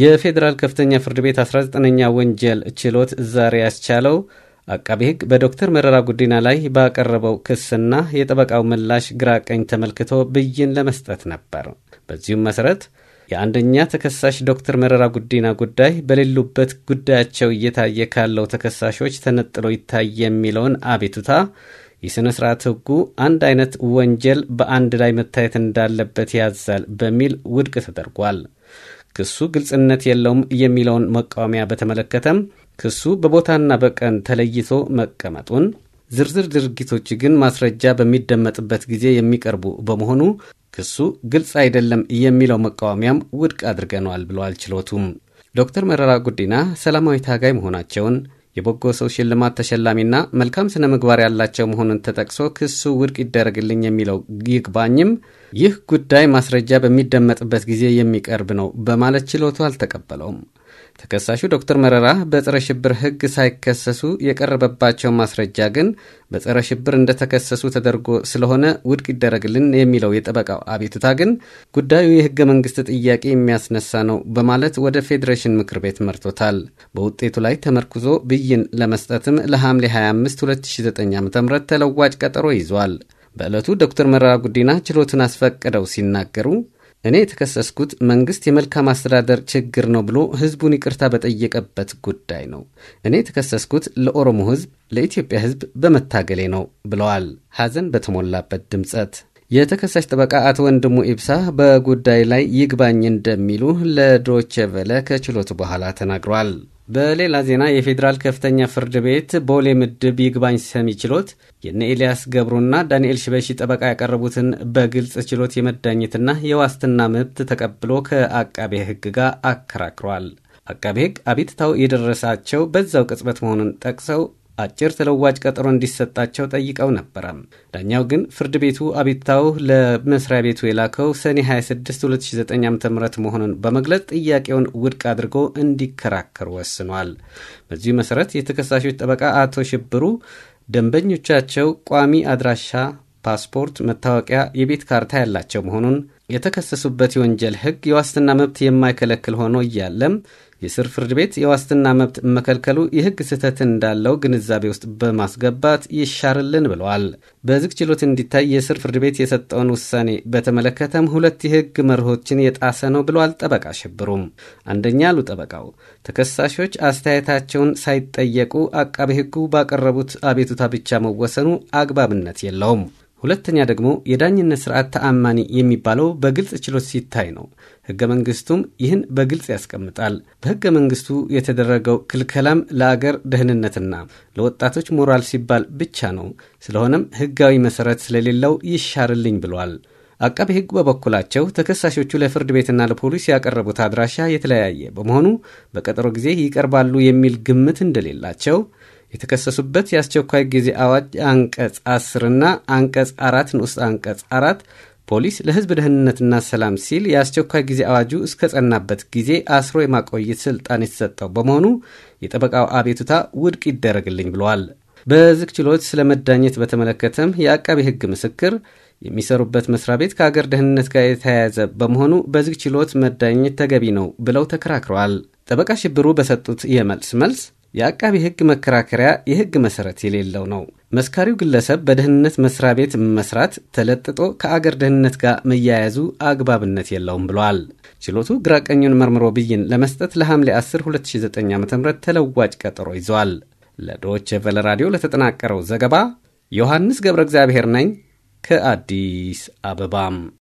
የፌዴራል ከፍተኛ ፍርድ ቤት 19ኛ ወንጀል ችሎት ዛሬ ያስቻለው አቃቢ ሕግ በዶክተር መረራ ጉዲና ላይ ባቀረበው ክስና የጠበቃው ምላሽ ግራ ቀኝ ተመልክቶ ብይን ለመስጠት ነበር። በዚሁም መሰረት የአንደኛ ተከሳሽ ዶክተር መረራ ጉዲና ጉዳይ በሌሉበት ጉዳያቸው እየታየ ካለው ተከሳሾች ተነጥሎ ይታይ የሚለውን አቤቱታ የሥነ ሥርዓት ሕጉ አንድ አይነት ወንጀል በአንድ ላይ መታየት እንዳለበት ያዛል በሚል ውድቅ ተደርጓል። ክሱ ግልጽነት የለውም የሚለውን መቃወሚያ በተመለከተም ክሱ በቦታና በቀን ተለይቶ መቀመጡን ዝርዝር ድርጊቶች ግን ማስረጃ በሚደመጥበት ጊዜ የሚቀርቡ በመሆኑ ክሱ ግልጽ አይደለም የሚለው መቃወሚያም ውድቅ አድርገነዋል ብለዋል ችሎቱም። ዶክተር መረራ ጉዲና ሰላማዊ ታጋይ መሆናቸውን የበጎ ሰው ሽልማት ተሸላሚና መልካም ስነ ምግባር ያላቸው መሆኑን ተጠቅሶ ክሱ ውድቅ ይደረግልኝ የሚለው ይግባኝም ይህ ጉዳይ ማስረጃ በሚደመጥበት ጊዜ የሚቀርብ ነው በማለት ችሎቱ አልተቀበለውም። ተከሳሹ ዶክተር መረራ በጸረ ሽብር ሕግ ሳይከሰሱ የቀረበባቸው ማስረጃ ግን በጸረ ሽብር እንደተከሰሱ ተደርጎ ስለሆነ ውድቅ ይደረግልን የሚለው የጠበቃው አቤቱታ ግን ጉዳዩ የሕገ መንግስት ጥያቄ የሚያስነሳ ነው በማለት ወደ ፌዴሬሽን ምክር ቤት መርቶታል። በውጤቱ ላይ ተመርኩዞ ብይን ለመስጠትም ለሐምሌ 25 2009 ዓ ም ተለዋጭ ቀጠሮ ይዟል። በዕለቱ ዶክተር መረራ ጉዲና ችሎትን አስፈቅደው ሲናገሩ እኔ የተከሰስኩት መንግስት የመልካም አስተዳደር ችግር ነው ብሎ ህዝቡን ይቅርታ በጠየቀበት ጉዳይ ነው። እኔ የተከሰስኩት ለኦሮሞ ህዝብ፣ ለኢትዮጵያ ህዝብ በመታገሌ ነው ብለዋል ሐዘን በተሞላበት ድምጸት። የተከሳሽ ጠበቃ አቶ ወንድሙ ኢብሳ በጉዳይ ላይ ይግባኝ እንደሚሉ ለዶቼ ቬለ ከችሎቱ በኋላ ተናግሯል። በሌላ ዜና የፌዴራል ከፍተኛ ፍርድ ቤት ቦሌ ምድብ ይግባኝ ሰሚ ችሎት የነ ኤልያስ ገብሩና ዳንኤል ሽበሺ ጠበቃ ያቀረቡትን በግልጽ ችሎት የመዳኘትና የዋስትና መብት ተቀብሎ ከአቃቤ ሕግ ጋር አከራክሯል። አቃቤ ሕግ አቤትታው የደረሳቸው በዛው ቅጽበት መሆኑን ጠቅሰው አጭር ተለዋጭ ቀጠሮ እንዲሰጣቸው ጠይቀው ነበረ። ዳኛው ግን ፍርድ ቤቱ አቤቱታው ለመስሪያ ቤቱ የላከው ሰኔ 26 2009 ዓ ም መሆኑን በመግለጽ ጥያቄውን ውድቅ አድርጎ እንዲከራከር ወስኗል። በዚሁ መሰረት የተከሳሾች ጠበቃ አቶ ሽብሩ ደንበኞቻቸው ቋሚ አድራሻ፣ ፓስፖርት፣ መታወቂያ፣ የቤት ካርታ ያላቸው መሆኑን የተከሰሱበት የወንጀል ህግ የዋስትና መብት የማይከለክል ሆኖ እያለም የስር ፍርድ ቤት የዋስትና መብት መከልከሉ የህግ ስህተት እንዳለው ግንዛቤ ውስጥ በማስገባት ይሻርልን ብለዋል። በዝግ ችሎት እንዲታይ የስር ፍርድ ቤት የሰጠውን ውሳኔ በተመለከተም ሁለት የህግ መርሆችን የጣሰ ነው ብለዋል ጠበቃ ሽብሩም። አንደኛ አሉ ጠበቃው ተከሳሾች አስተያየታቸውን ሳይጠየቁ አቃቤ ህጉ ባቀረቡት አቤቱታ ብቻ መወሰኑ አግባብነት የለውም። ሁለተኛ ደግሞ የዳኝነት ስርዓት ተአማኒ የሚባለው በግልጽ ችሎት ሲታይ ነው። ህገ መንግስቱም ይህን በግልጽ ያስቀምጣል። በህገ መንግስቱ የተደረገው ክልከላም ለአገር ደህንነትና ለወጣቶች ሞራል ሲባል ብቻ ነው። ስለሆነም ህጋዊ መሠረት ስለሌለው ይሻርልኝ ብሏል። አቃቤ ህግ በበኩላቸው ተከሳሾቹ ለፍርድ ቤትና ለፖሊስ ያቀረቡት አድራሻ የተለያየ በመሆኑ በቀጠሮ ጊዜ ይቀርባሉ የሚል ግምት እንደሌላቸው የተከሰሱበት የአስቸኳይ ጊዜ አዋጅ አንቀጽ አስርና አንቀጽ አራት ንዑስ አንቀጽ አራት ፖሊስ ለሕዝብ ደህንነትና ሰላም ሲል የአስቸኳይ ጊዜ አዋጁ እስከ ጸናበት ጊዜ አስሮ የማቆየት ስልጣን የተሰጠው በመሆኑ የጠበቃው አቤቱታ ውድቅ ይደረግልኝ ብለዋል። በዝግ ችሎት ስለ መዳኘት በተመለከተም የአቃቤ ሕግ ምስክር የሚሰሩበት መስሪያ ቤት ከአገር ደህንነት ጋር የተያያዘ በመሆኑ በዝግ ችሎት መዳኘት ተገቢ ነው ብለው ተከራክረዋል። ጠበቃ ሽብሩ በሰጡት የመልስ መልስ የአቃቢ ህግ መከራከሪያ የሕግ መሠረት የሌለው ነው። መስካሪው ግለሰብ በደህንነት መስሪያ ቤት መስራት ተለጥጦ ከአገር ደህንነት ጋር መያያዙ አግባብነት የለውም ብሏል። ችሎቱ ግራቀኙን መርምሮ ብይን ለመስጠት ለሐምሌ 10 2009 ዓ ም ተለዋጭ ቀጠሮ ይዟል። ለዶች ቨለ ራዲዮ ለተጠናቀረው ዘገባ ዮሐንስ ገብረ እግዚአብሔር ነኝ ከአዲስ አበባም